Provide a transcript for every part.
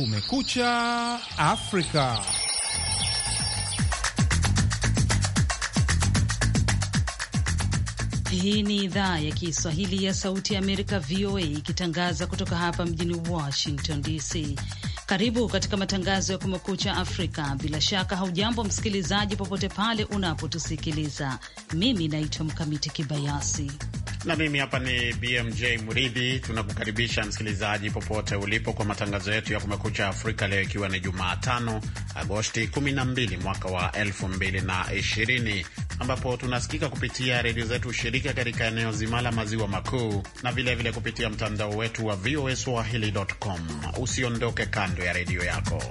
Kumekucha Afrika. Hii ni idhaa ya Kiswahili ya Sauti ya Amerika, VOA, ikitangaza kutoka hapa mjini Washington DC. Karibu katika matangazo ya Kumekucha Afrika. Bila shaka haujambo msikilizaji, popote pale unapotusikiliza. Mimi naitwa Mkamiti Kibayasi na mimi hapa ni BMJ Muridhi. Tunakukaribisha msikilizaji, popote ulipo, kwa matangazo yetu ya Kumekucha Afrika leo, ikiwa ni Jumatano Agosti 12 mwaka wa 2020, ambapo tunasikika kupitia redio zetu shirika katika eneo zima la maziwa makuu na vilevile vile kupitia mtandao wetu wa voa swahili.com. Usiondoke kando ya redio yako.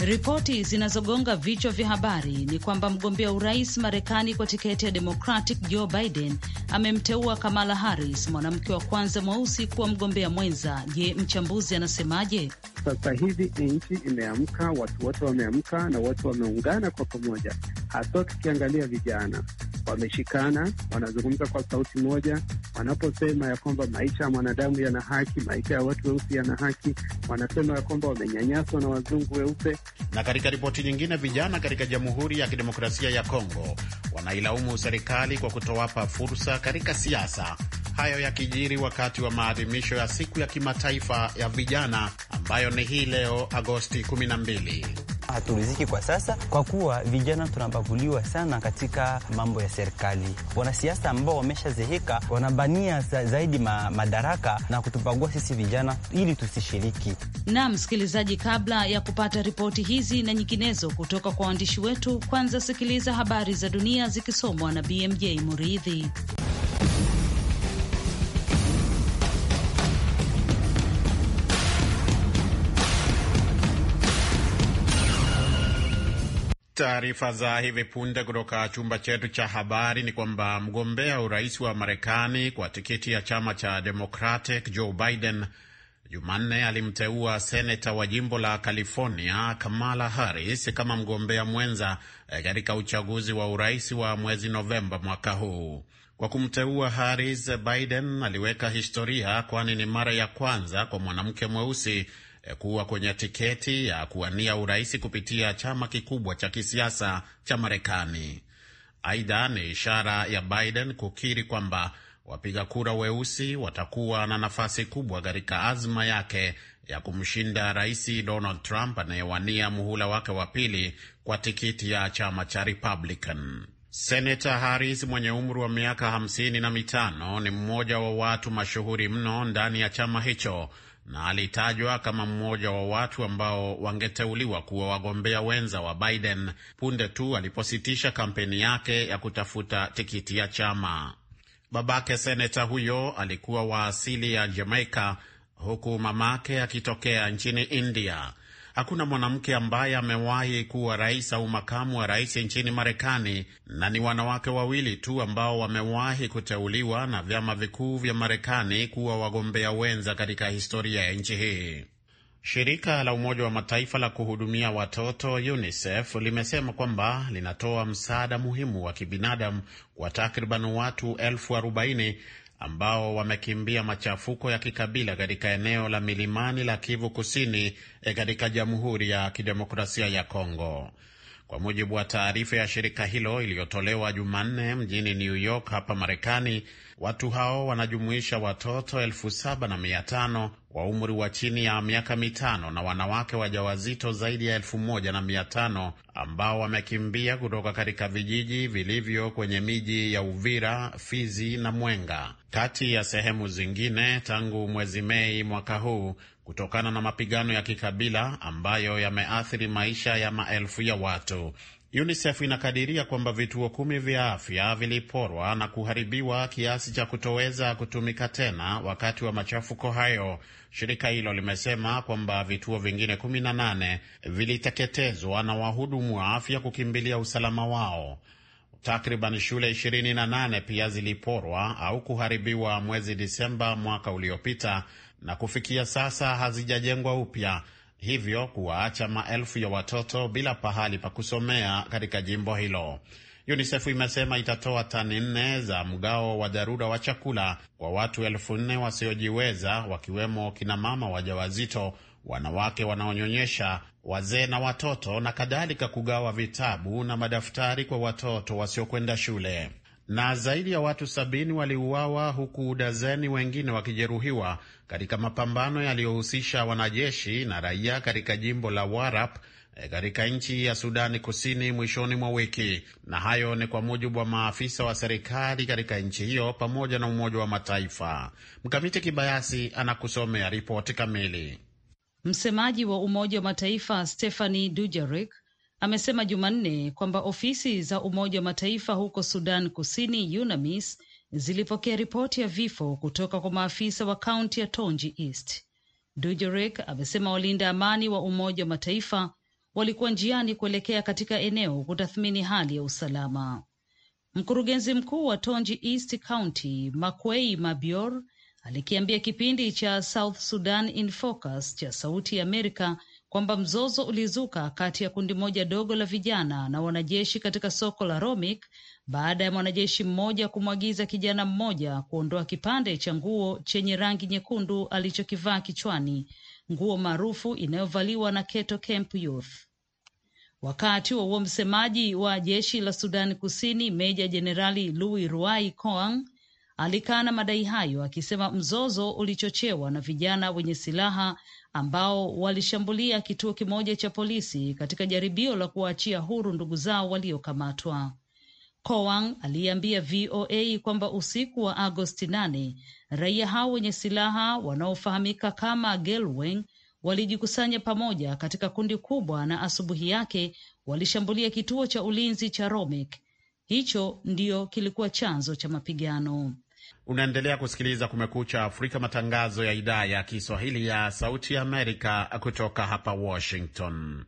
Ripoti zinazogonga vichwa vya habari ni kwamba mgombea urais Marekani kwa tiketi ya Democratic Joe Biden amemteua Kamala Harris, mwanamke wa kwanza mweusi kuwa mgombea mwenza. Je, mchambuzi anasemaje? Sasa hivi nchi imeamka, watu wote wameamka na watu wameungana kwa pamoja, haswa tukiangalia vijana wameshikana, wanazungumza kwa sauti moja, wanaposema ya kwamba maisha ya mwanadamu yana haki, maisha ya watu weusi yana haki, wanasema ya kwamba wamenyanyaswa na wazungu weupe. Na katika ripoti nyingine, vijana katika Jamhuri ya Kidemokrasia ya Kongo wanailaumu serikali kwa kutowapa fursa katika siasa. Hayo yakijiri wakati wa maadhimisho ya siku ya kimataifa ya vijana ambayo ni hii leo Agosti 12 haturiziki kwa sasa, kwa kuwa vijana tunabaguliwa sana katika mambo ya serikali. Wanasiasa ambao wameshazeheka wanabania za, zaidi ma, madaraka na kutubagua sisi vijana ili tusishiriki. Na msikilizaji, kabla ya kupata ripoti hizi na nyinginezo kutoka kwa waandishi wetu, kwanza sikiliza habari za dunia zikisomwa na BMJ Muridhi. taarifa za hivi punde kutoka chumba chetu cha habari ni kwamba mgombea urais wa Marekani kwa tikiti ya chama cha Democratic Joe Biden Jumanne alimteua seneta wa jimbo la California Kamala Harris kama mgombea mwenza eh, katika uchaguzi wa urais wa mwezi Novemba mwaka huu. Kwa kumteua Harris, Biden aliweka historia, kwani ni mara ya kwanza kwa mwanamke mweusi Eh, kuwa kwenye tiketi ya kuwania urais kupitia chama kikubwa cha kisiasa cha Marekani. Aidha, ni ishara ya Biden kukiri kwamba wapiga kura weusi watakuwa na nafasi kubwa katika azma yake ya kumshinda Rais Donald Trump anayewania muhula wake wa pili kwa tikiti ya chama cha Republican. Senata Harris mwenye umri wa miaka hamsini na mitano ni mmoja wa watu mashuhuri mno ndani ya chama hicho na alitajwa kama mmoja wa watu ambao wangeteuliwa kuwa wagombea wenza wa Biden punde tu alipositisha kampeni yake ya kutafuta tikiti ya chama. Babake seneta huyo alikuwa wa asili ya Jamaika huku mamake akitokea nchini India. Hakuna mwanamke ambaye amewahi kuwa rais au makamu wa rais nchini Marekani, na ni wanawake wawili tu ambao wamewahi kuteuliwa na vyama vikuu vya Marekani kuwa wagombea wenza katika historia ya nchi hii. Shirika la Umoja wa Mataifa la kuhudumia watoto UNICEF limesema kwamba linatoa msaada muhimu wa kibinadamu kwa takriban watu elfu arobaini ambao wamekimbia machafuko ya kikabila katika eneo la milimani la Kivu Kusini eh, katika Jamhuri ya Kidemokrasia ya Kongo. Kwa mujibu wa taarifa ya shirika hilo iliyotolewa Jumanne mjini New York hapa Marekani, watu hao wanajumuisha watoto elfu saba na mia tano wa umri wa chini ya miaka mitano na wanawake wajawazito zaidi ya elfu moja na mia tano ambao wamekimbia kutoka katika vijiji vilivyo kwenye miji ya Uvira, Fizi na Mwenga, kati ya sehemu zingine, tangu mwezi Mei mwaka huu kutokana na mapigano ya kikabila ambayo yameathiri maisha ya maelfu ya watu. UNICEF inakadiria kwamba vituo kumi vya afya viliporwa na kuharibiwa kiasi cha kutoweza kutumika tena wakati wa machafuko hayo. Shirika hilo limesema kwamba vituo vingine 18 viliteketezwa na wahudumu wa afya kukimbilia usalama wao. Takriban shule 28 pia ziliporwa au kuharibiwa mwezi Disemba mwaka uliopita na kufikia sasa hazijajengwa upya hivyo kuwaacha maelfu ya watoto bila pahali pa kusomea katika jimbo hilo. UNICEF imesema itatoa tani nne za mgao wa dharura wa chakula kwa watu elfu nne wasiojiweza wakiwemo kinamama wajawazito, wanawake wanaonyonyesha, wazee na watoto na kadhalika, kugawa vitabu na madaftari kwa watoto wasiokwenda shule na zaidi ya watu sabini waliuawa huku dazeni wengine wakijeruhiwa katika mapambano yaliyohusisha wanajeshi na raia katika jimbo la Warap eh, katika nchi ya Sudani Kusini mwishoni mwa wiki. Na hayo ni kwa mujibu wa maafisa wa serikali katika nchi hiyo pamoja na Umoja wa Mataifa. Mkamiti Kibayasi anakusomea ripoti kamili. Msemaji wa Umoja wa Mataifa Stephani Dujarik amesema Jumanne kwamba ofisi za Umoja wa Mataifa huko Sudan Kusini, UNAMIS, zilipokea ripoti ya vifo kutoka kwa maafisa wa kaunti ya Tonji East. Dujerek amesema walinda amani wa Umoja wa Mataifa walikuwa njiani kuelekea katika eneo kutathmini hali ya usalama. Mkurugenzi mkuu wa Tonji East County Makwei Mabior alikiambia kipindi cha South Sudan in Focus cha Sauti ya Amerika kwamba mzozo ulizuka kati ya kundi moja dogo la vijana na wanajeshi katika soko la Romic baada ya mwanajeshi mmoja kumwagiza kijana mmoja kuondoa kipande cha nguo chenye rangi nyekundu alichokivaa kichwani, nguo maarufu inayovaliwa na Keto Camp Youth. Wakati wa huo msemaji wa jeshi la Sudani Kusini, meja jenerali Louis Ruai Koang alikana madai hayo akisema mzozo ulichochewa na vijana wenye silaha ambao walishambulia kituo kimoja cha polisi katika jaribio la kuwaachia huru ndugu zao waliokamatwa. Kowang aliyeambia VOA kwamba usiku wa Agosti 8 raia hao wenye silaha wanaofahamika kama Gelweng walijikusanya pamoja katika kundi kubwa na asubuhi yake walishambulia kituo cha ulinzi cha Romek. Hicho ndiyo kilikuwa chanzo cha mapigano. Unaendelea kusikiliza Kumekucha Afrika, matangazo ya idhaa ya Kiswahili ya Sauti ya Amerika kutoka hapa Washington.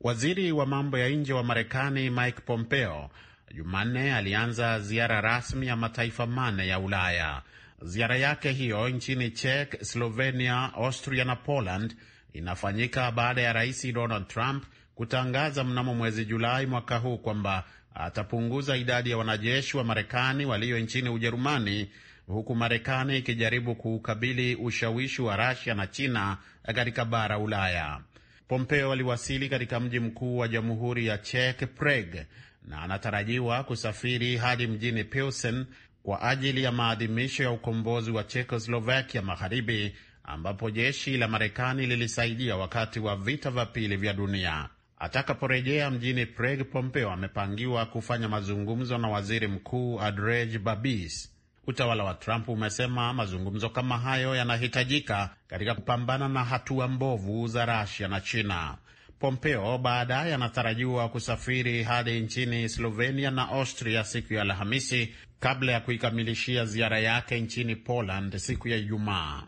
Waziri wa mambo ya nje wa Marekani Mike Pompeo Jumanne alianza ziara rasmi ya mataifa mane ya Ulaya. Ziara yake hiyo nchini Czech, Slovenia, Austria na Poland inafanyika baada ya Rais Donald Trump kutangaza mnamo mwezi Julai mwaka huu kwamba atapunguza idadi ya wanajeshi wa Marekani walio nchini Ujerumani, huku Marekani ikijaribu kuukabili ushawishi wa Rasia na China katika bara Ulaya. Pompeo aliwasili katika mji mkuu wa jamhuri ya Czech, Prague, na anatarajiwa kusafiri hadi mjini Pilsen kwa ajili ya maadhimisho ya ukombozi wa Chekoslovakia Magharibi, ambapo jeshi la Marekani lilisaidia wakati wa vita vya pili vya dunia. Atakaporejea mjini Prague, Pompeo amepangiwa kufanya mazungumzo na waziri mkuu Andrej Babis. Utawala wa Trump umesema mazungumzo kama hayo yanahitajika katika kupambana na hatua mbovu za Rasia na China. Pompeo baadaye anatarajiwa kusafiri hadi nchini Slovenia na Austria siku ya Alhamisi kabla ya kuikamilishia ziara yake nchini Poland siku ya Ijumaa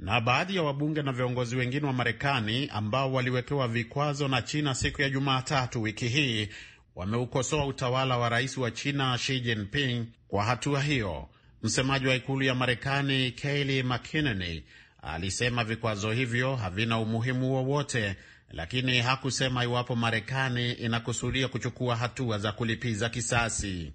na baadhi ya wabunge na viongozi wengine wa Marekani ambao waliwekewa vikwazo na China siku ya Jumatatu wiki hii wameukosoa utawala wa rais wa China Xi Jinping kwa hatua hiyo. Msemaji wa ikulu ya Marekani Kayleigh McEnany alisema vikwazo hivyo havina umuhimu wowote, lakini hakusema iwapo Marekani inakusudia kuchukua hatua za kulipiza kisasi.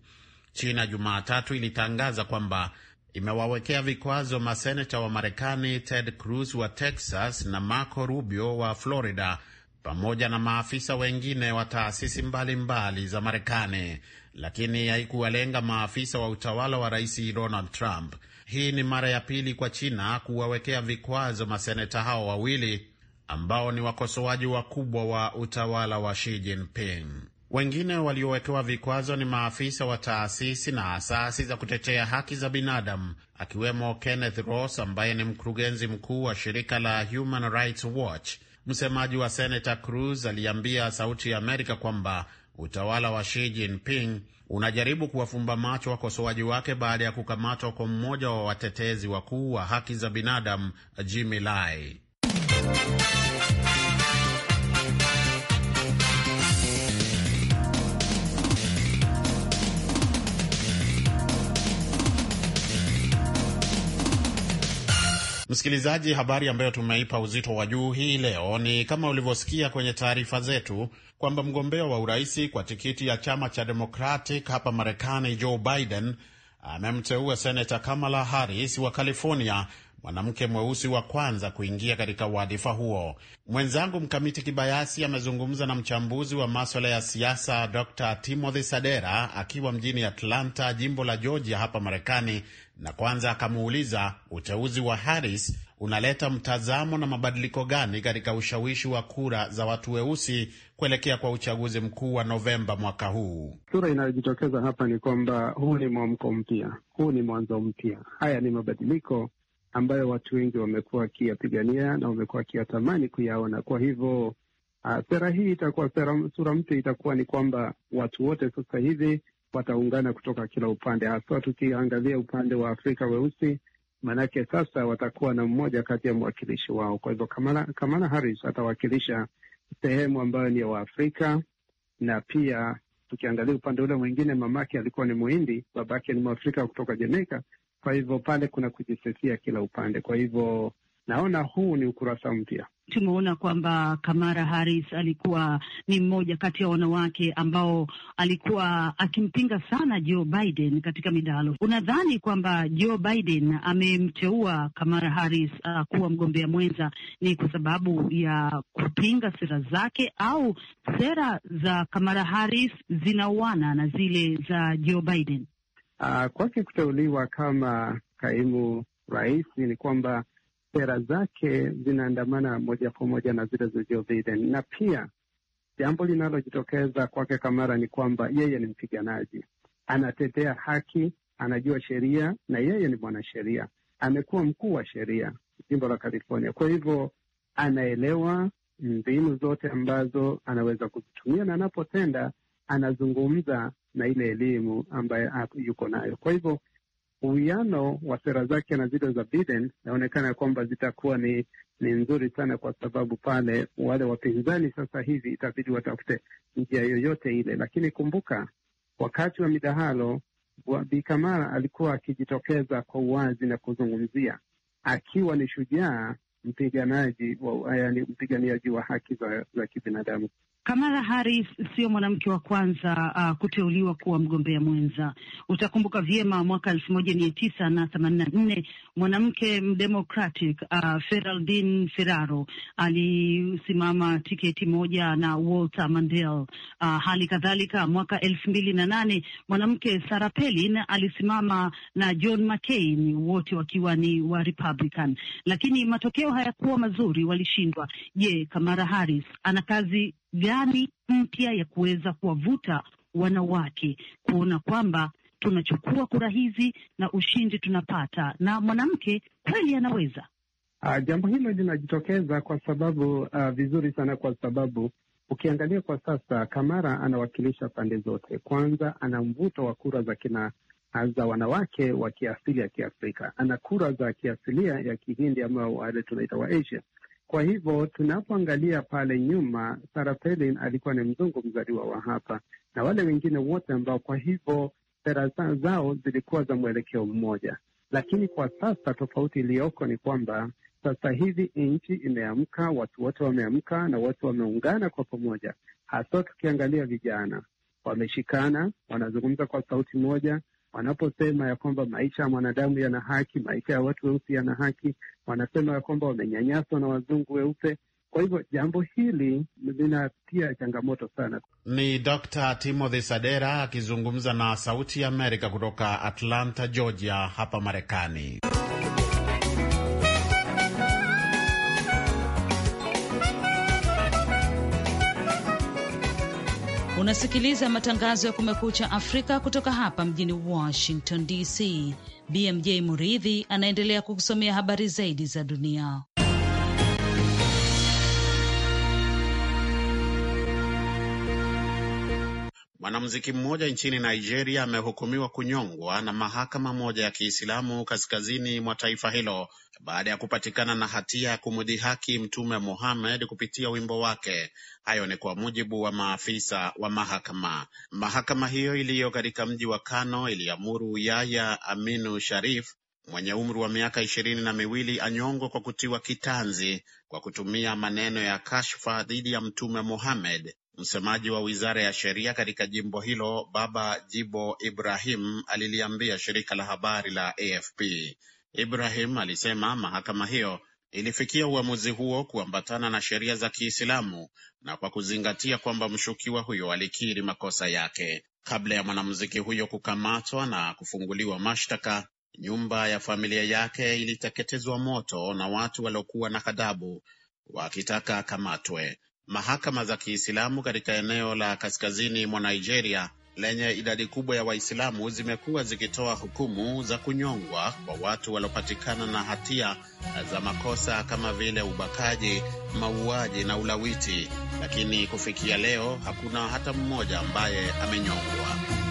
China Jumatatu ilitangaza kwamba imewawekea vikwazo maseneta wa Marekani Ted Cruz wa Texas na Marco Rubio wa Florida pamoja na maafisa wengine wa taasisi mbalimbali za Marekani, lakini haikuwalenga maafisa wa utawala wa Rais Donald Trump. Hii ni mara ya pili kwa China kuwawekea vikwazo maseneta hao wawili ambao ni wakosoaji wakubwa wa utawala wa Xi Jinping. Wengine waliowekewa vikwazo ni maafisa wa taasisi na asasi za kutetea haki za binadamu akiwemo Kenneth Ross ambaye ni mkurugenzi mkuu wa shirika la Human Rights Watch. Msemaji wa Senator Cruz aliambia Sauti ya Amerika kwamba utawala wa Xi Jinping unajaribu kuwafumba macho wakosoaji wake baada ya kukamatwa kwa mmoja wa watetezi wakuu wa haki za binadamu Jimmy Lai. Msikilizaji, habari ambayo tumeipa uzito wa juu hii leo ni kama ulivyosikia kwenye taarifa zetu kwamba mgombea wa uraisi kwa tikiti ya chama cha Democratic hapa Marekani, Joe Biden amemteua senata Kamala Harris wa California, mwanamke mweusi wa kwanza kuingia katika wadhifa huo. Mwenzangu Mkamiti Kibayasi amezungumza na mchambuzi wa maswala ya siasa Dr Timothy Sadera akiwa mjini Atlanta, jimbo la Georgia hapa Marekani, na kwanza akamuuliza uteuzi wa Harris unaleta mtazamo na mabadiliko gani katika ushawishi wa kura za watu weusi kuelekea kwa uchaguzi mkuu wa Novemba mwaka huu. Sura inayojitokeza hapa ni kwamba huu ni mwamko mpya, huu ni mwanzo mpya, haya ni mabadiliko ambayo watu wengi wamekuwa wakiyapigania na wamekuwa wakiyatamani kuyaona. Kwa hivyo uh, sera hii itakuwa sera, sura mpya itakuwa ni kwamba watu wote sasa hivi wataungana kutoka kila upande, haswa tukiangazia upande wa Afrika weusi, maanake sasa watakuwa na mmoja kati ya mwakilishi wao. Kwa hivyo Kamala, Kamala Harris atawakilisha sehemu ambayo ni ya Waafrika, na pia tukiangalia upande ule mwingine, mamake alikuwa ni Muhindi, babake ni Mwafrika kutoka Jamaica. Kwa hivyo pale kuna kujisifia kila upande. Kwa hivyo naona huu ni ukurasa mpya tumeona kwamba Kamala Harris alikuwa ni mmoja kati ya wanawake ambao alikuwa akimpinga sana Joe Biden katika midahalo. Unadhani kwamba Joe Biden amemteua Kamala Harris uh, kuwa mgombea mwenza ni kwa sababu ya kupinga sera zake au sera za Kamala Harris zinauana na zile za Joe Biden? Uh, kwake kuteuliwa kama kaimu rais ni kwamba sera zake zinaandamana moja kwa moja na zile za Joe Biden. Na pia jambo linalojitokeza kwake Kamara ni kwamba yeye ni mpiganaji, anatetea haki, anajua sheria na yeye ni mwanasheria, amekuwa mkuu wa sheria jimbo la California. Kwa hivyo anaelewa mbinu zote ambazo anaweza kuzitumia, na anapotenda anazungumza na ile elimu ambayo yuko nayo. Kwa hivyo uwiano wa sera zake na zile za Biden, inaonekana kwamba zitakuwa ni ni nzuri sana, kwa sababu pale wale wapinzani sasa hivi itabidi watafute njia yoyote ile. Lakini kumbuka, wakati wa midahalo Bi Kamala alikuwa akijitokeza kwa uwazi na kuzungumzia akiwa ni shujaa mpiganaji, yaani mpiganiaji wa haki za, za kibinadamu. Kamala Harris sio mwanamke wa kwanza uh, kuteuliwa kuwa mgombea mwenza. Utakumbuka vyema mwaka elfu moja mia tisa na themanini na nne mwanamke mdemocratic uh, Feraldin Ferraro alisimama tiketi moja na Walter Mandel. Uh, hali kadhalika mwaka elfu mbili na nane mwanamke Sarah Palin alisimama na John McCain, wote wakiwa ni wa Republican, lakini matokeo hayakuwa mazuri, walishindwa. Je, Kamala Harris ana kazi gani mpya ya kuweza kuwavuta wanawake kuona kwamba tunachukua kura hizi na ushindi tunapata, na mwanamke kweli anaweza. Uh, jambo hilo linajitokeza kwa sababu uh, vizuri sana kwa sababu ukiangalia kwa sasa Kamara anawakilisha pande zote. Kwanza ana mvuto wa kura za kina ah, za wanawake wa kiasili ya Kiafrika, ana kura za kiasilia ya Kihindi ama wale tunaita wa Asia. Kwa hivyo tunapoangalia pale nyuma, Sarah Palin alikuwa ni mzungu mzaliwa wa hapa na wale wengine wote ambao kwa hivyo sera zao zilikuwa za mwelekeo mmoja, lakini kwa sasa tofauti iliyoko ni kwamba sasa hivi nchi imeamka, watu wote wameamka na watu wameungana kwa pamoja, haswa tukiangalia vijana wameshikana, wanazungumza kwa sauti moja, wanaposema ya kwamba maisha ya mwanadamu yana haki, maisha ya watu weusi yana haki, wanasema ya kwamba wamenyanyaswa na wazungu weupe. Kwa hivyo jambo hili linatia changamoto sana. Ni Dr. Timothy Sadera akizungumza na Sauti ya Amerika kutoka Atlanta, Georgia, hapa Marekani. Unasikiliza matangazo ya Kumekucha Afrika kutoka hapa mjini Washington DC. BMJ Muridhi anaendelea kukusomea habari zaidi za dunia. Mwanamuziki mmoja nchini Nigeria amehukumiwa kunyongwa na mahakama moja ya Kiislamu kaskazini mwa taifa hilo baada ya kupatikana na hatia ya kumdhihaki Mtume Muhammad kupitia wimbo wake. Hayo ni kwa mujibu wa maafisa wa mahakama. Mahakama hiyo iliyo katika mji wa Kano iliamuru Yaya Aminu Sharif mwenye umri wa miaka ishirini na miwili anyongwe kwa kutiwa kitanzi kwa kutumia maneno ya kashfa dhidi ya Mtume Muhammad Msemaji wa wizara ya sheria katika jimbo hilo Baba Jibo Ibrahim aliliambia shirika la habari la AFP. Ibrahim alisema mahakama hiyo ilifikia uamuzi huo kuambatana na sheria za Kiislamu na kwa kuzingatia kwamba mshukiwa huyo alikiri makosa yake. Kabla ya mwanamuziki huyo kukamatwa na kufunguliwa mashtaka, nyumba ya familia yake iliteketezwa moto na watu waliokuwa na kadhabu wakitaka akamatwe. Mahakama za Kiislamu katika eneo la kaskazini mwa Nigeria lenye idadi kubwa ya Waislamu zimekuwa zikitoa hukumu za kunyongwa kwa watu waliopatikana na hatia za makosa kama vile ubakaji, mauaji na ulawiti, lakini kufikia leo hakuna hata mmoja ambaye amenyongwa.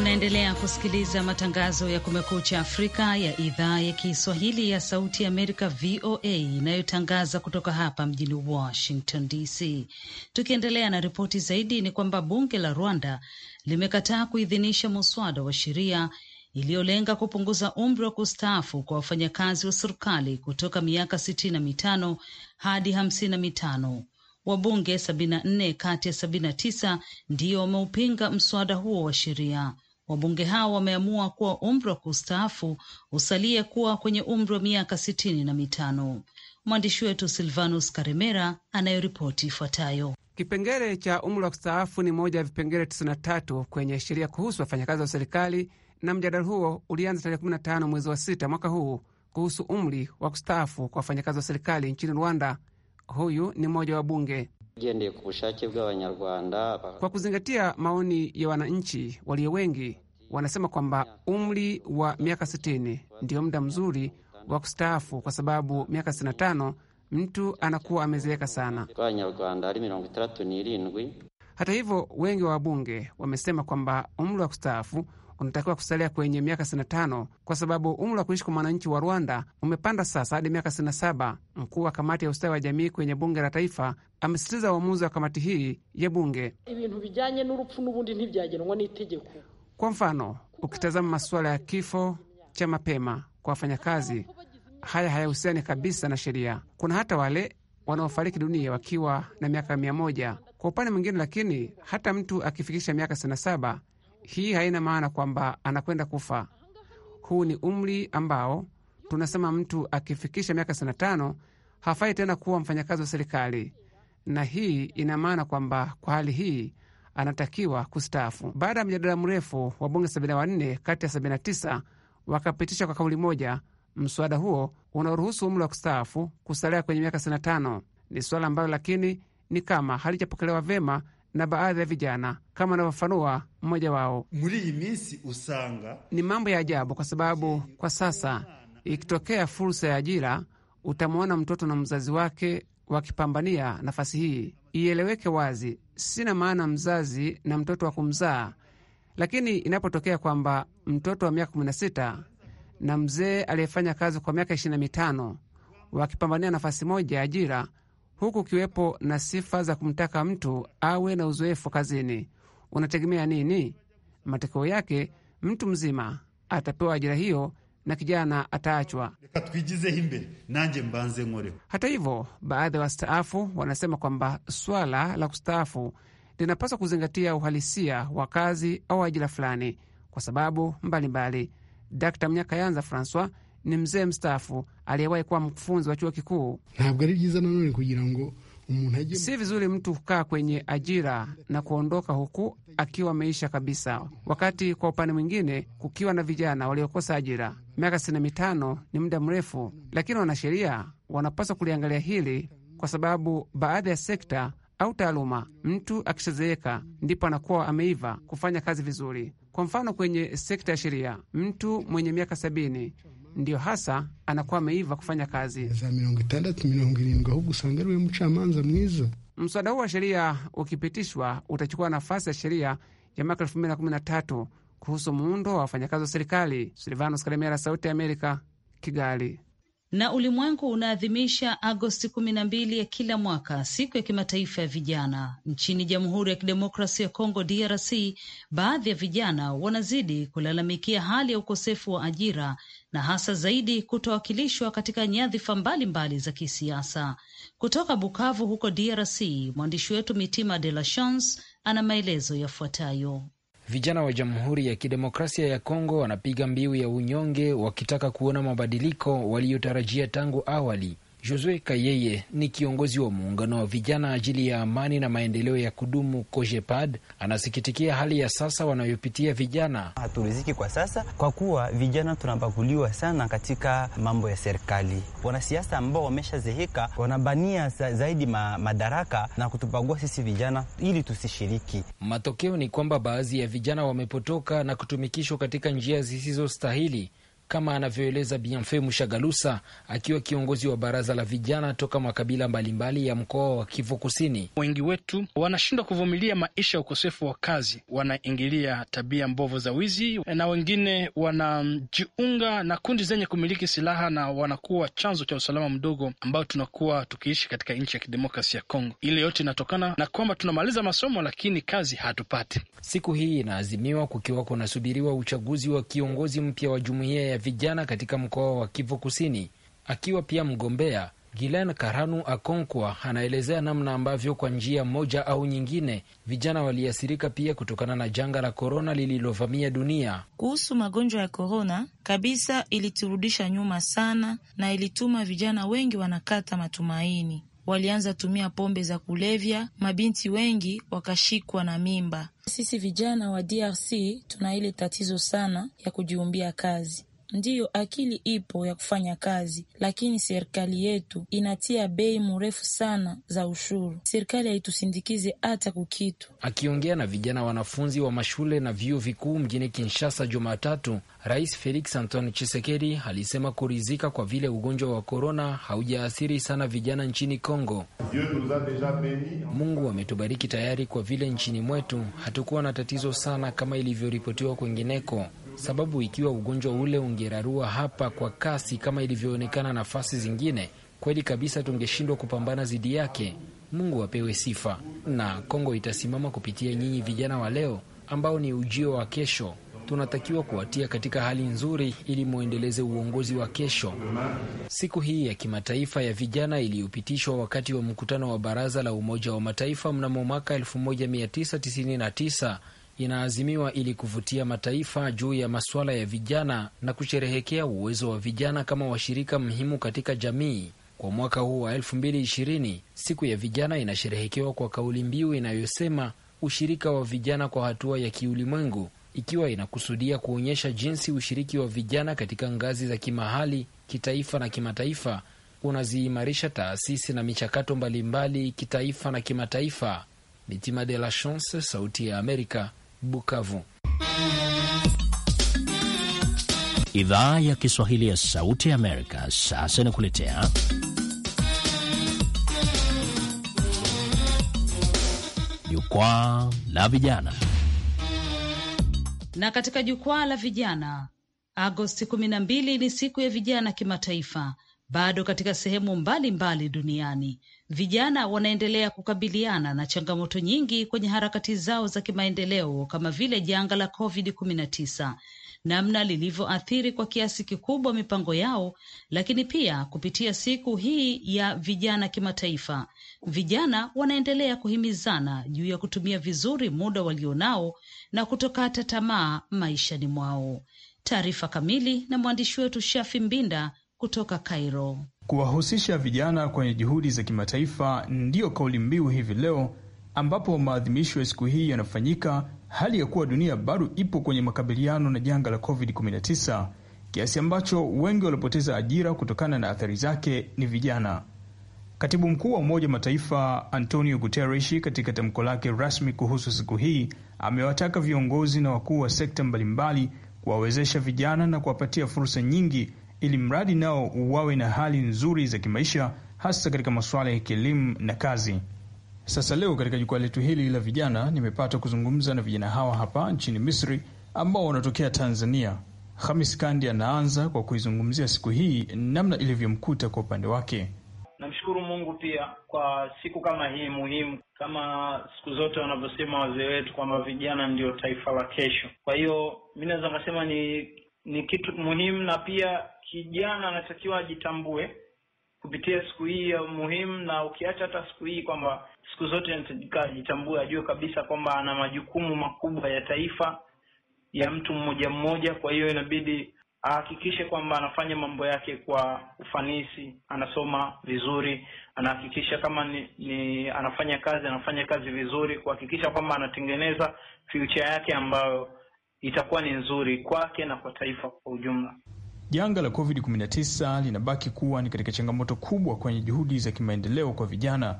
Unaendelea kusikiliza matangazo ya Kumekucha Afrika ya idhaa ya Kiswahili ya Sauti ya Amerika, VOA, inayotangaza kutoka hapa mjini Washington DC. Tukiendelea na ripoti zaidi, ni kwamba bunge la Rwanda limekataa kuidhinisha muswada wa sheria iliyolenga kupunguza umri wa kustaafu kwa wafanyakazi wa serikali kutoka miaka sitini na mitano hadi hamsini na mitano. Wabunge 74 kati ya 79 ndiyo wameupinga mswada huo wa sheria. Wabunge hao wameamua kuwa umri wa kustaafu usalie kuwa kwenye umri wa miaka sitini na mitano. Mwandishi wetu Silvanus Karemera anayoripoti ifuatayo. Kipengele cha umri wa kustaafu ni moja ya vipengele 93 kwenye sheria kuhusu wafanyakazi wa serikali, na mjadala huo ulianza tarehe 15 mwezi wa sita mwaka huu kuhusu umri wa kustaafu kwa wafanyakazi wa serikali nchini Rwanda. Huyu ni mmoja wa bunge kwa kuzingatia maoni ya wananchi walio wengi, wanasema kwamba umri wa miaka 60 ndiyo muda mzuri wa kustaafu, kwa sababu miaka 65 mtu anakuwa amezeeka sana. Hata hivyo, wengi wa wabunge wamesema kwamba umri wa kustaafu unatakiwa kusalia kwenye miaka 65 kwa sababu umri wa kuishi kwa mwananchi wa Rwanda umepanda sasa hadi miaka 67. Mkuu wa kamati ya ustawi wa jamii kwenye bunge la taifa amesitiza uamuzi wa kamati hii ya bunge. Kwa mfano, ukitazama masuala ya kifo cha mapema kwa wafanyakazi, haya hayahusiani kabisa na sheria. Kuna hata wale wanaofariki dunia wakiwa na miaka mia moja kwa upande mwingine. Lakini hata mtu akifikisha miaka 67 hii haina maana kwamba anakwenda kufa. Huu ni umri ambao tunasema mtu akifikisha miaka 65 hafai tena kuwa mfanyakazi wa serikali, na hii ina maana kwamba kwa hali hii anatakiwa kustaafu. Baada ya mjadala mrefu, wabunge 74 kati ya 79 wakapitisha kwa kauli moja mswada huo unaoruhusu umri wa kustaafu kusalia kwenye miaka 65. Ni suala ambalo lakini ni kama halijapokelewa vema na baadhi ya vijana, kama anavyofanua mmoja wao. usanga Ni mambo ya ajabu, kwa sababu kwa sasa ikitokea fursa ya ajira, utamwona mtoto na mzazi wake wakipambania nafasi hii. Ieleweke wazi, sina maana mzazi na mtoto wa kumzaa, lakini inapotokea kwamba mtoto wa miaka 16 na mzee aliyefanya kazi kwa miaka 25 wakipambania nafasi moja ya ajira, huku ukiwepo na sifa za kumtaka mtu awe na uzoefu kazini. Unategemea nini? Matokeo yake mtu mzima atapewa ajira hiyo na kijana ataachwa. Hata hivyo, baadhi ya wastaafu wanasema kwamba swala la kustaafu linapaswa kuzingatia uhalisia wa kazi au ajira fulani kwa sababu mbalimbali. Dkt Mnyakayanza Francois ni mzee mstaafu aliyewahi kuwa mkufunzi wa chuo kikuu. Si vizuri mtu kukaa kwenye ajira na kuondoka huku akiwa ameisha kabisa, wakati kwa upande mwingine kukiwa na vijana waliokosa ajira. Miaka sitini na mitano ni muda mrefu, lakini wanasheria wanapaswa kuliangalia hili kwa sababu baadhi ya sekta au taaluma, mtu akishazeeka ndipo anakuwa ameiva kufanya kazi vizuri. Kwa mfano, kwenye sekta ya sheria, mtu mwenye miaka sabini ndiyo hasa anakuwa ameiva kufanya kazi. Mswada huu wa sheria ukipitishwa, utachukua nafasi ya sheria ya mwaka tatu kuhusu muundo wa wafanyakazi wa serikali. Silvanos Karemera, Sauti ya Amerika, Kigali na ulimwengu unaadhimisha Agosti kumi na mbili ya kila mwaka siku ya kimataifa ya vijana. Nchini Jamhuri ya Kidemokrasia ya Kongo DRC, baadhi ya vijana wanazidi kulalamikia hali ya ukosefu wa ajira na hasa zaidi kutowakilishwa katika nyadhifa mbalimbali za kisiasa. Kutoka Bukavu huko DRC, mwandishi wetu Mitima De La Chance ana maelezo yafuatayo. Vijana wa Jamhuri ya Kidemokrasia ya Kongo wanapiga mbiu ya unyonge wakitaka kuona mabadiliko waliyotarajia tangu awali. Josue Kayeye ni kiongozi wa muungano wa vijana ajili ya amani na maendeleo ya kudumu Kojepad, anasikitikia hali ya sasa wanayopitia vijana. Haturiziki kwa sasa kwa kuwa vijana tunabaguliwa sana katika mambo ya serikali. Wanasiasa ambao wameshazeheka wanabania zaidi ma, madaraka na kutubagua sisi vijana ili tusishiriki. Matokeo ni kwamba baadhi ya vijana wamepotoka na kutumikishwa katika njia zisizostahili kama anavyoeleza Bienfait Mushagalusa akiwa kiongozi wa baraza la vijana toka makabila mbalimbali ya mkoa wa Kivu Kusini. Wengi wetu wanashindwa kuvumilia maisha ya ukosefu wa kazi, wanaingilia tabia mbovu za wizi, na wengine wanajiunga na kundi zenye kumiliki silaha na wanakuwa chanzo cha usalama mdogo ambao tunakuwa tukiishi katika nchi ya kidemokrasi ya Kongo. Ile yote inatokana na kwamba tunamaliza masomo lakini kazi hatupati. Siku hii inaazimiwa kukiwa kunasubiriwa uchaguzi wa kiongozi mpya wa jumuiya ya vijana katika mkoa wa Kivu Kusini. Akiwa pia mgombea, Gilen Karanu Akonkwa anaelezea namna ambavyo kwa njia moja au nyingine vijana waliathirika pia kutokana na janga la korona lililovamia dunia. Kuhusu magonjwa ya korona kabisa, iliturudisha nyuma sana na ilituma vijana wengi wanakata matumaini walianza tumia pombe za kulevya, mabinti wengi wakashikwa na mimba. Sisi vijana wa DRC tuna ile tatizo sana ya kujiumbia kazi ndiyo akili ipo ya kufanya kazi, lakini serikali yetu inatia bei mrefu sana za ushuru. Serikali haitusindikize hata kukitu. Akiongea na vijana wanafunzi wa mashule na vyuo vikuu mjini Kinshasa Jumatatu, Rais Felix Antoine chisekedi alisema kurizika kwa vile ugonjwa wa korona haujaathiri sana vijana nchini Kongo. Mungu ametubariki tayari, kwa vile nchini mwetu hatukuwa na tatizo sana kama ilivyoripotiwa kwengineko sababu ikiwa ugonjwa ule ungerarua hapa kwa kasi kama ilivyoonekana nafasi zingine, kweli kabisa tungeshindwa kupambana dhidi yake. Mungu apewe sifa, na Kongo itasimama kupitia nyinyi vijana wa leo ambao ni ujio wa kesho. Tunatakiwa kuwatia katika hali nzuri ili mwendeleze uongozi wa kesho. Siku hii ya kimataifa ya vijana iliyopitishwa wakati wa mkutano wa Baraza la Umoja wa Mataifa mnamo mwaka 1999 inaazimiwa ili kuvutia mataifa juu ya masuala ya vijana na kusherehekea uwezo wa vijana kama washirika muhimu katika jamii. Kwa mwaka huu wa 2020 siku ya vijana inasherehekewa kwa kauli mbiu inayosema ushirika wa vijana kwa hatua ya kiulimwengu, ikiwa inakusudia kuonyesha jinsi ushiriki wa vijana katika ngazi za kimahali, kitaifa na kimataifa unaziimarisha taasisi na michakato mbalimbali kitaifa na kimataifa. Mitima de la Chance, Sauti ya Amerika, Bukavu. Idhaa ya Kiswahili ya Sauti ya Amerika sasa inakuletea Jukwaa la Vijana. Na katika Jukwaa la Vijana, Agosti 12 ni siku ya vijana kimataifa bado katika sehemu mbalimbali mbali duniani vijana wanaendelea kukabiliana na changamoto nyingi kwenye harakati zao za kimaendeleo kama vile janga la COVID-19, namna lilivyoathiri kwa kiasi kikubwa mipango yao. Lakini pia kupitia siku hii ya vijana kimataifa, vijana wanaendelea kuhimizana juu ya kutumia vizuri muda walionao na kutokata tamaa maishani mwao. Taarifa kamili na mwandishi wetu Shafi Mbinda kutoka Cairo. Kuwahusisha vijana kwenye juhudi za kimataifa ndiyo kauli mbiu hivi leo, ambapo maadhimisho ya siku hii yanafanyika hali ya kuwa dunia bado ipo kwenye makabiliano na janga la COVID-19 kiasi ambacho wengi waliopoteza ajira kutokana na athari zake ni vijana. Katibu mkuu wa Umoja w Mataifa Antonio Guterres, katika tamko lake rasmi kuhusu siku hii, amewataka viongozi na wakuu wa sekta mbalimbali kuwawezesha vijana na kuwapatia fursa nyingi ili mradi nao wawe na hali nzuri za kimaisha, hasa katika masuala ya kielimu na kazi. Sasa leo katika jukwaa letu hili la vijana, nimepata kuzungumza na vijana hawa hapa nchini Misri ambao wanatokea Tanzania. Hamis Kandi anaanza kwa kuizungumzia siku hii namna ilivyomkuta kwa upande wake. Namshukuru Mungu pia kwa siku kama hii muhimu, kama siku zote wanavyosema wazee wetu kwamba vijana ndio taifa la kesho. Kwa hiyo mi naweza kasema ni ni kitu muhimu, na pia kijana anatakiwa ajitambue kupitia siku hii ya muhimu, na ukiacha hata siku hii, kwamba siku zote anatakiwa ajitambue, ajue kabisa kwamba ana majukumu makubwa ya taifa, ya mtu mmoja mmoja. Kwa hiyo inabidi ahakikishe kwamba anafanya mambo yake kwa ufanisi, anasoma vizuri, anahakikisha kama ni, ni anafanya kazi, anafanya kazi vizuri, kuhakikisha kwamba anatengeneza future yake ambayo itakuwa ni nzuri kwake na kwa taifa kwa ujumla. Janga la COVID-19 linabaki kuwa ni katika changamoto kubwa kwenye juhudi za kimaendeleo kwa vijana.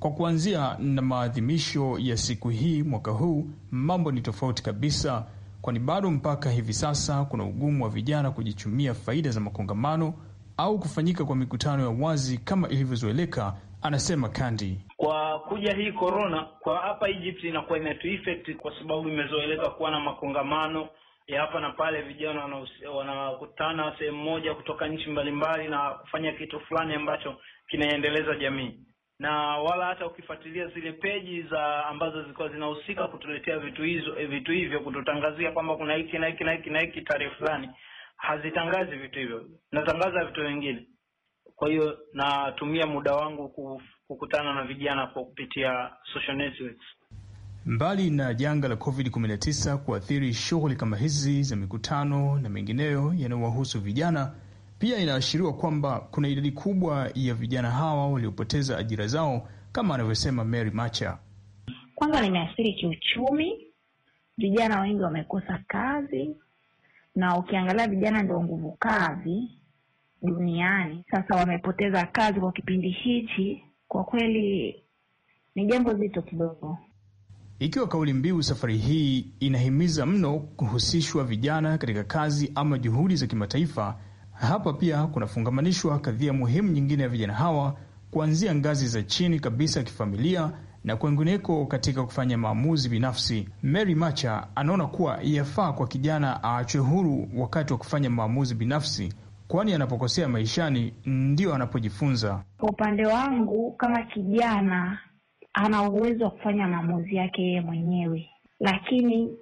Kwa kuanzia na maadhimisho ya siku hii mwaka huu, mambo ni tofauti kabisa, kwani bado mpaka hivi sasa kuna ugumu wa vijana kujichumia faida za makongamano au kufanyika kwa mikutano ya wazi kama ilivyozoeleka, anasema Kandi. Kwa kuja hii corona kwa hapa Egypt inakuwa imetueffect kwa sababu imezoeleka kuwa na makongamano ya hapa na pale, vijana wanakutana sehemu moja kutoka nchi mbalimbali na kufanya kitu fulani ambacho kinaendeleza jamii, na wala hata ukifuatilia zile peji za ambazo zilikuwa zinahusika kutuletea vitu hizo eh, vitu hivyo, kututangazia kwamba kuna hiki na hiki na hiki na hiki tarehe fulani, hazitangazi vitu hivyo, natangaza vitu vingine. Kwa hiyo natumia muda wangu ku kukutana na vijana kwa kupitia social networks. Mbali na janga la COVID-19 kuathiri shughuli kama hizi za mikutano na mengineyo yanayowahusu vijana, pia inaashiriwa kwamba kuna idadi kubwa ya vijana hawa waliopoteza ajira zao, kama anavyosema Mary Macha. Kwanza limeathiri kiuchumi, vijana wengi wamekosa kazi, na ukiangalia vijana ndio nguvu kazi duniani. Sasa wamepoteza kazi kwa kipindi hichi kwa kweli ni jambo zito kidogo. Ikiwa kauli mbiu safari hii inahimiza mno kuhusishwa vijana katika kazi ama juhudi za kimataifa, hapa pia kunafungamanishwa kadhia muhimu nyingine ya vijana hawa kuanzia ngazi za chini kabisa ya kifamilia na kwengineko katika kufanya maamuzi binafsi. Mary Macha anaona kuwa yafaa kwa kijana aachwe huru wakati wa kufanya maamuzi binafsi kwani anapokosea maishani ndio anapojifunza. Kwa upande wangu kama kijana, ana uwezo wa kufanya maamuzi yake yeye mwenyewe, lakini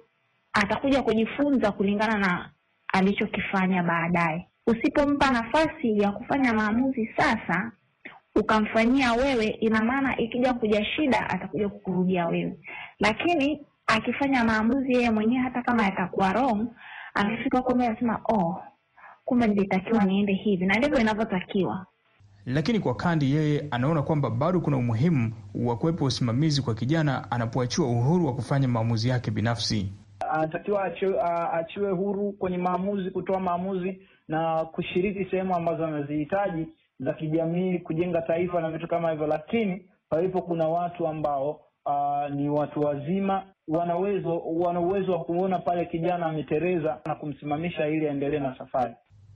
atakuja kujifunza kulingana na alichokifanya baadaye. Usipompa nafasi ya kufanya maamuzi sasa, ukamfanyia wewe, ina maana ikija kuja shida atakuja kukurudia wewe. Lakini akifanya maamuzi yeye mwenyewe, hata kama yatakuwa wrong, amefika kwamba anasema oh kumbe nilitakiwa niende hivi, na ndivyo inavyotakiwa. Lakini kwa Kandi, yeye anaona kwamba bado kuna umuhimu wa kuwepo usimamizi kwa kijana anapoachiwa uhuru wa kufanya maamuzi yake binafsi. Anatakiwa achiwe huru kwenye maamuzi, kutoa maamuzi na kushiriki sehemu ambazo anazihitaji za kijamii, kujenga taifa na vitu kama hivyo, lakini palipo kuna watu ambao Uh, ni watu wazima wana uwezo wa kuona pale kijana ametereza na kumsimamisha ili aendelee na safari.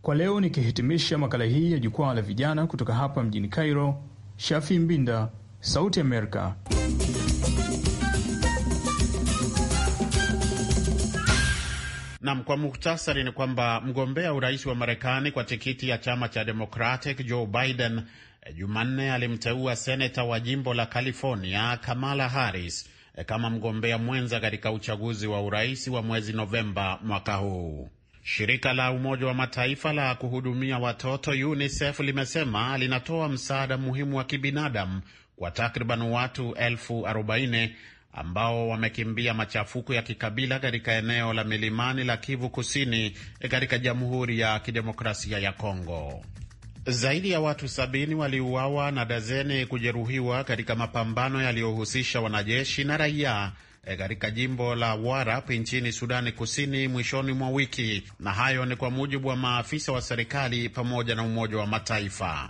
Kwa leo nikihitimisha makala hii ya jukwaa la vijana kutoka hapa mjini Cairo, Shafi Mbinda, Sauti Amerika. Nam, kwa muktasari ni kwamba mgombea urais wa Marekani kwa tikiti ya chama cha Democratic Joe Biden eh, Jumanne alimteua seneta wa jimbo la California Kamala Harris eh, kama mgombea mwenza katika uchaguzi wa urais wa mwezi Novemba mwaka huu. Shirika la Umoja wa Mataifa la kuhudumia watoto UNICEF limesema linatoa msaada muhimu wa kibinadamu kwa takriban watu elfu arobaini ambao wamekimbia machafuko ya kikabila katika eneo la milimani la Kivu Kusini katika Jamhuri ya Kidemokrasia ya Kongo. Zaidi ya watu sabini waliuawa na dazeni kujeruhiwa katika mapambano yaliyohusisha wanajeshi na raia E, katika jimbo la Warap nchini Sudani Kusini mwishoni mwa wiki, na hayo ni kwa mujibu wa maafisa wa serikali pamoja na Umoja wa Mataifa.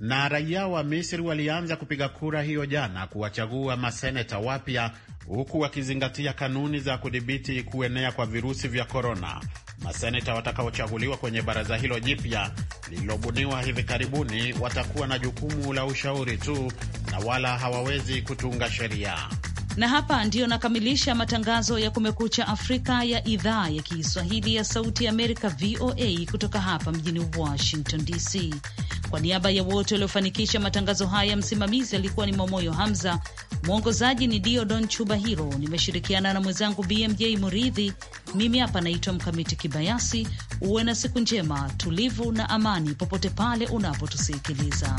Na raia wa Misri walianza kupiga kura hiyo jana kuwachagua maseneta wapya huku wakizingatia kanuni za kudhibiti kuenea kwa virusi vya korona. Maseneta watakaochaguliwa kwenye baraza hilo jipya lililobuniwa hivi karibuni watakuwa na jukumu la ushauri tu na wala hawawezi kutunga sheria. Na hapa ndiyo nakamilisha matangazo ya Kumekucha Afrika ya idhaa ya Kiswahili ya Sauti ya Amerika, VOA, kutoka hapa mjini Washington DC. Kwa niaba ya wote waliofanikisha matangazo haya, msimamizi alikuwa ni mamoyo Hamza, mwongozaji ni Diodon hiro nimeshirikiana na mwenzangu BMJ Muridhi. Mimi hapa naitwa Mkamiti Kibayasi. Uwe na siku njema, tulivu na amani, popote pale unapotusikiliza.